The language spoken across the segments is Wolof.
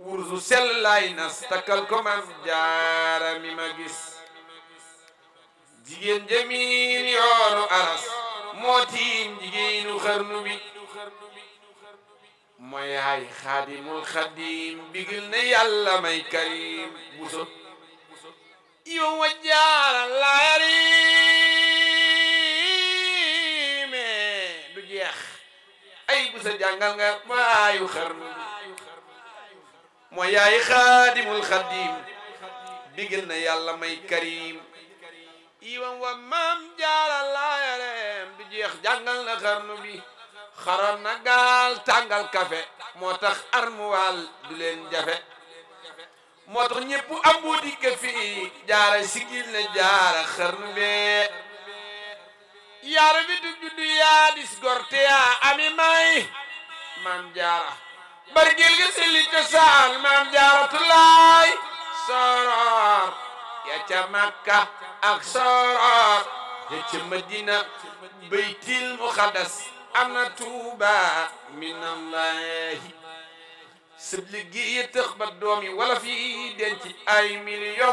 wursu sellaay nas takkal ko man jaara ma gis jigéen jamiin yoonu aras moo tiim jigéenu xarnu bi mooy yaay xaadimul xadim bigil na yàlla may karim buso yow wa jaara laa yarime du jeex ay busa jàngal nga maayu xarnu bi mooy yaay xaadimul xadim bigil na yàlla may karim iwam wa maam jaara laayareem du jeex jàngal na xarnu bi xaram na gaal tàngal kafe moo tax armuwaal du leen jafe moo tax ñëpp abu dikk fii jaara sigil na jaara xarnu bee yaara bi du juddu yaa dis gorte yaa ami may maam jaara bargil gi si li cosaan maam jaaratulaay soror ya ca ak soror ya ca madina baytil muqaddas ana tuuba minallahi sëb liggéey tëx ba doom yi wala fi denc ay million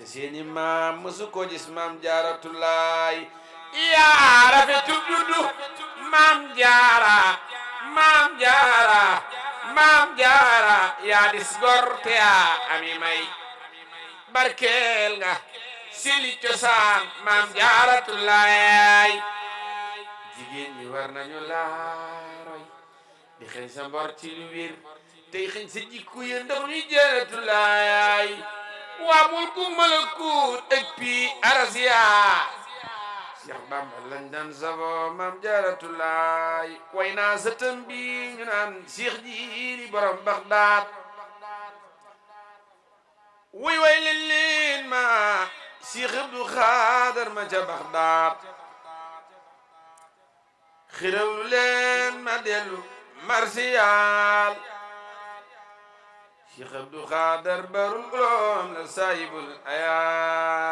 te seeni maam mësu ko gis maam jaaratulaay yaa rafetu dudd maam jaara maam jaara maam jaara yaa dis te yaa ami barkeel nga sili cosaan maam jaaratu laay jigéen ñi war nañu laaroy di xëñ sa mbor ci lu wér tey xëñ sa jikku ya ndax ñu jëratu laay waa mulku malakuut ak arasiyaa Cheikh Bamba lañ daan safoo maam Jaaratulaay way naa sëtam bi ñu naan Cheikh Jiili borom Baxdaad wuy way leen leen ma Cheikh Xaadar ma ca Baxdaad xirewlu leen ma dellu marsiyaal Cheikh Abdou Xaadar barul ulum la saayibul ayaa